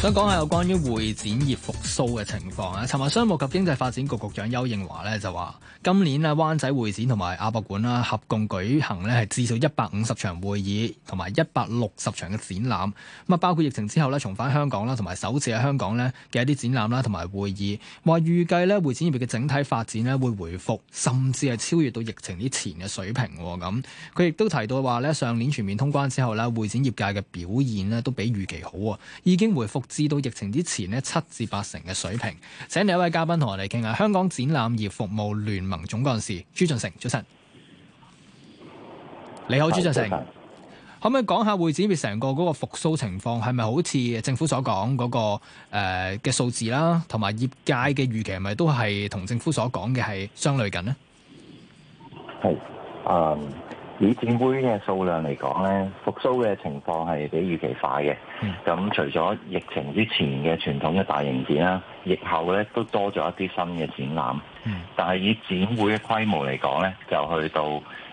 想講下有關於會展業復蘇嘅情況咧，尋日商務及經濟發展局局長丘應樺咧就話，今年咧灣仔會展同埋亞博館啦合共舉行咧係至少一百五十場會議同埋一百六十場嘅展覽，咁啊包括疫情之後咧重返香港啦，同埋首次喺香港咧嘅一啲展覽啦同埋會議，話預計咧會展業嘅整體發展咧會回復，甚至係超越到疫情之前嘅水平咁。佢亦都提到話咧上年全面通關之後咧會展業界嘅表現咧都比預期好啊，已經回復。至到疫情之前呢，七至八成嘅水平，請另一位嘉賓同我哋傾下香港展覽業服務聯盟總幹事朱俊丞早晨。的你好，朱俊丞，可唔可以講下會展業成個嗰個復甦情況係咪好似政府所講嗰、那個誒嘅、呃、數字啦，同埋業界嘅預期係咪都係同政府所講嘅係相類緊呢？係，啊、嗯。以展會嘅數量嚟講呢，復甦嘅情況係比預期快嘅。咁、嗯、除咗疫情之前嘅傳統嘅大型展啦，疫後呢都多咗一啲新嘅展覽。嗯、但係以展會嘅規模嚟講呢，就去到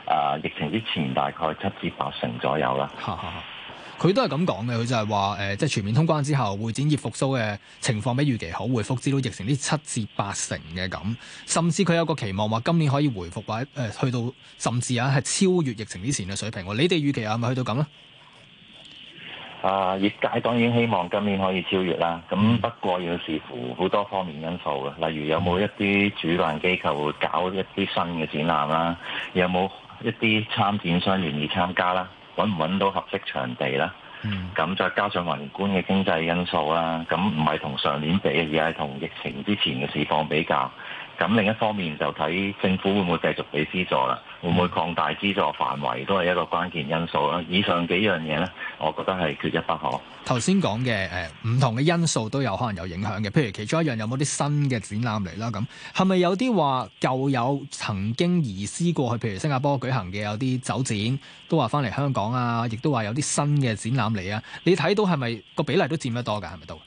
啊、呃、疫情之前大概七至八成左右啦。 佢都係咁講嘅，佢就係話誒，即係全面通關之後，會展業復甦嘅情況比預期好，回復至到疫情啲七至八成嘅。咁，甚至佢有個期望話今年可以回復或者誒、呃、去到甚至啊係超越疫情之前嘅水平。你哋預期係咪去到咁咧？啊，業界當然希望今年可以超越啦。咁不過要視乎好多方面因素嘅，例如有冇一啲主辦機構會搞一啲新嘅展覽啦、啊，有冇一啲參展商願意參加啦。揾唔揾到合適場地啦，咁、嗯、再加上宏觀嘅經濟因素啦，咁唔係同上年比，而係同疫情之前嘅情況比較。咁另一方面就睇政府會唔會繼續俾資助啦。會唔會擴大資助範圍都係一個關鍵因素啦。以上幾樣嘢咧，我覺得係缺一不可。頭先講嘅誒，唔同嘅因素都有可能有影響嘅。譬如其中一樣，有冇啲新嘅展覽嚟啦？咁係咪有啲話舊有曾經移師過去，譬如新加坡舉行嘅有啲酒展，都話翻嚟香港啊，亦都話有啲新嘅展覽嚟啊？你睇到係咪個比例都佔得多噶？係咪都？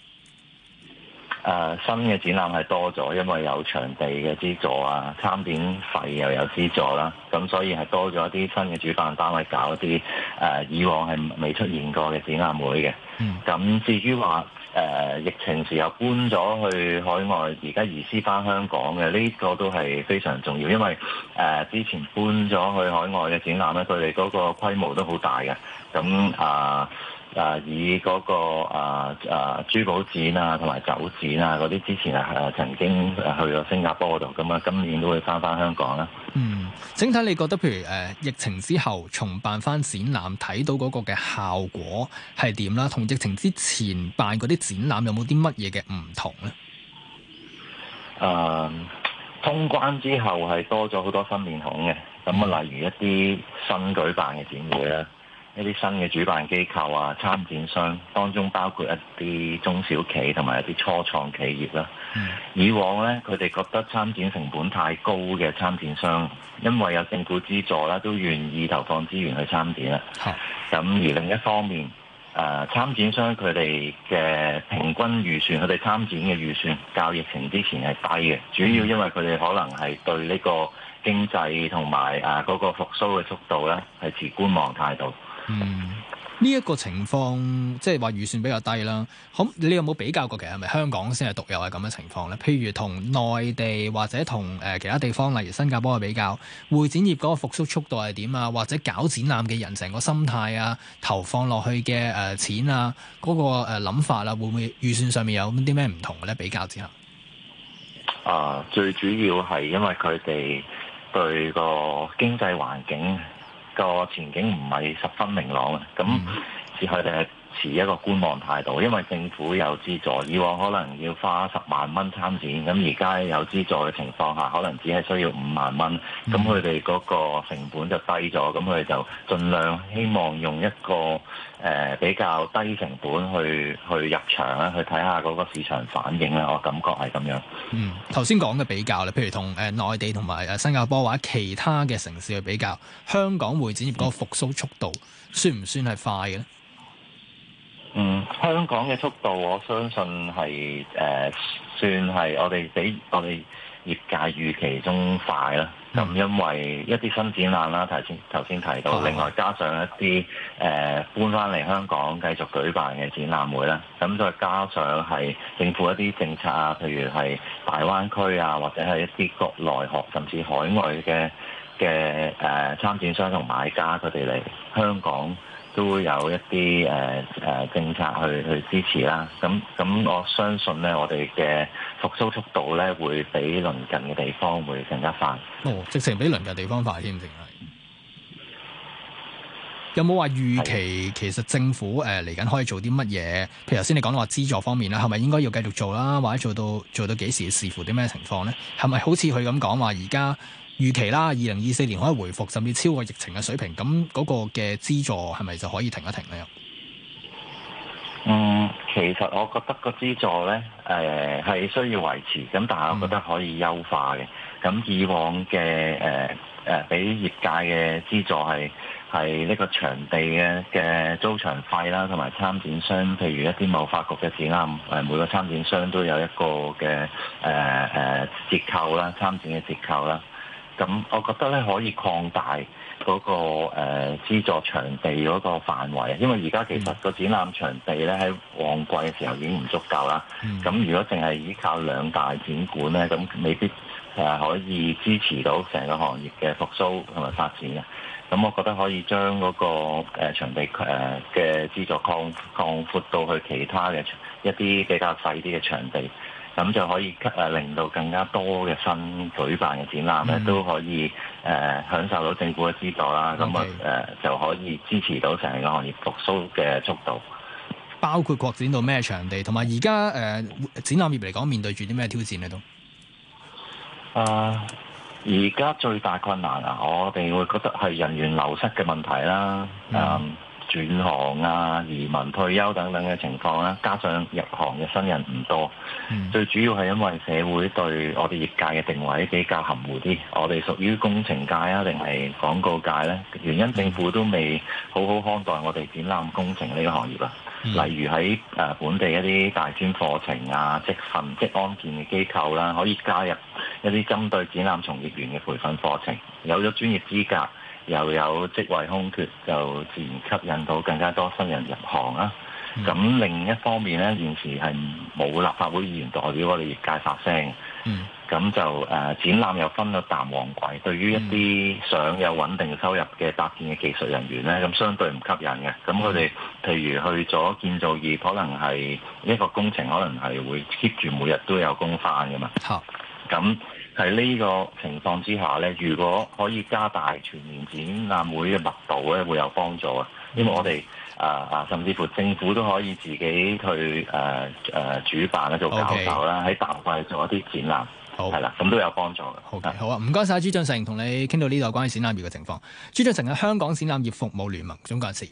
誒、啊、新嘅展覽係多咗，因為有場地嘅資助啊，參展費又有資助啦，咁所以係多咗一啲新嘅主辦單位搞一啲誒、啊、以往係未出現過嘅展覽會嘅。咁、嗯、至於話誒、啊、疫情時候搬咗去海外，而家移師翻香港嘅呢、呢個都係非常重要，因為誒、啊、之前搬咗去海外嘅展覽咧，佢哋嗰個規模都好大嘅，咁啊。啊！以嗰、那個啊啊珠寶展啊，同埋酒展啊，嗰啲之前啊，曾經去過新加坡嗰度咁啊，今年都會翻翻香港啦、啊。嗯，整體你覺得，譬如誒、啊、疫情之後重辦翻展覽，睇到嗰個嘅效果係點啦？同疫情之前辦嗰啲展覽有冇啲乜嘢嘅唔同呢？誒、啊，通關之後係多咗好多新面孔嘅，咁啊，例如一啲新舉辦嘅展會啦。嗯嗯一啲新嘅主辦機構啊，參展商當中包括一啲中小企同埋一啲初創企業啦。 以往呢，佢哋覺得參展成本太高嘅參展商，因為有政府資助啦，都願意投放資源去參展啦。咁 而另一方面，誒、呃、參展商佢哋嘅平均預算，佢哋參展嘅預算，較疫情之前係低嘅，主要因為佢哋可能係對呢個經濟同埋誒嗰個復甦嘅速度呢係持觀望態度。嗯，呢、這、一個情況即係話預算比較低啦。咁你有冇比較過？其實係咪香港先係獨有係咁嘅情況咧？譬如同內地或者同誒其他地方，例如新加坡嘅比較，會展業嗰個復甦速度係點啊？或者搞展覽嘅人成個心態啊，投放落去嘅誒錢啊，嗰、那個誒諗法啦、啊，會唔會預算上面有啲咩唔同咧？比較之下，啊，最主要係因為佢哋對個經濟環境。個前景唔係十分明朗啊，咁只係就 持一個觀望態度，因為政府有資助，以往可能要花十萬蚊參展，咁而家有資助嘅情況下，可能只係需要五萬蚊，咁佢哋嗰個成本就低咗，咁佢哋就盡量希望用一個誒、呃、比較低成本去去入場啦，去睇下嗰個市場反應啦。我感覺係咁樣。嗯，頭先講嘅比較咧，譬如同誒內地同埋誒新加坡或者其他嘅城市去比較香港會展業嗰個復甦速度算唔算係快嘅咧？嗯，香港嘅速度，我相信係誒、呃、算係我哋比我哋業界預期中快啦。咁、嗯、因為一啲新展覽啦，頭先頭先提到，嗯、另外加上一啲誒、呃、搬翻嚟香港繼續舉辦嘅展覽會啦，咁再加上係政府一啲政策啊，譬如係大灣區啊，或者係一啲國內學甚至海外嘅嘅誒參展商同買家佢哋嚟香港。都會有一啲誒誒政策去去支持啦，咁、嗯、咁我相信咧，我哋嘅復甦速度咧會比鄰近嘅地方會更加快。哦，直情比鄰近地方快添，定係？有冇話預期其實政府誒嚟緊可以做啲乜嘢？譬如頭先你講到話資助方面啦，係咪應該要繼續做啦？或者做到做到幾時視乎啲咩情況呢？係咪好似佢咁講話而家預期啦，二零二四年可以回復甚至超過疫情嘅水平？咁嗰個嘅資助係咪就可以停一停呢？嗯，其實我覺得個資助呢誒係、呃、需要維持，咁但係我覺得可以優化嘅。咁以往嘅誒。呃誒俾業界嘅資助係係呢個場地嘅嘅租場費啦，同埋參展商，譬如一啲貿發局嘅展覽，誒每個參展商都有一個嘅誒誒折扣啦，參展嘅折扣啦。咁我覺得咧可以擴大嗰、那個誒資、呃、助場地嗰個範圍，因為而家其實個展覽場地咧喺旺季嘅時候已經唔足夠啦。咁如果淨係依靠兩大展館咧，咁未必，係、呃、可以支持到成個行業嘅復甦同埋發展嘅，咁、呃、我覺得可以將嗰、那個誒、呃、場地誒嘅資助擴擴闊到去其他嘅一啲比較細啲嘅場地，咁就可以誒令到更加多嘅新舉辦嘅展覽咧、mm hmm. 都可以誒、呃、享受到政府嘅資助啦，咁啊誒就可以支持到成個行業復甦嘅速度。包括擴展到咩場地，同埋而家誒展覽業嚟講面對住啲咩挑戰咧都？啊！而家、uh, 最大困難啊，我哋會覺得係人員流失嘅問題啦、啊 mm. 嗯，轉行啊、移民退休等等嘅情況啦、啊，加上入行嘅新人唔多，mm. 最主要係因為社會對我哋業界嘅定位比較含糊啲。我哋屬於工程界啊，定係廣告界呢？原因政府都未好好看待我哋展覽工程呢個行業啦、啊。Mm. 例如喺誒本地一啲大專課程啊、積分、職安健嘅機構啦、啊，可以加入，一啲針對展覽從業員嘅培訓課程，有咗專業資格，又有職位空缺，就自然吸引到更加多新人入行啦。咁、mm. 另一方面呢，現時係冇立法會議員代表我哋業界發聲咁、mm. 就誒、呃、展覽又分咗淡旺季，對於一啲想有穩定收入嘅搭建嘅技術人員呢，咁相對唔吸引嘅。咁佢哋譬如去做建造業，可能係一個工程，可能係會 keep 住每日都有工返嘅嘛。咁好。喺呢個情況之下咧，如果可以加大全年展覽會嘅密度咧，會有幫助啊！因為我哋啊啊，甚至乎政府都可以自己去誒誒、呃呃、主辦咧做搞手啦，喺大快做一啲展覽，係啦好，咁都有幫助嘅。好嘅，好啊，唔該晒。朱俊丞，同你傾到呢度關於展覽業嘅情況。朱俊丞係香港展覽業服務聯盟總幹事。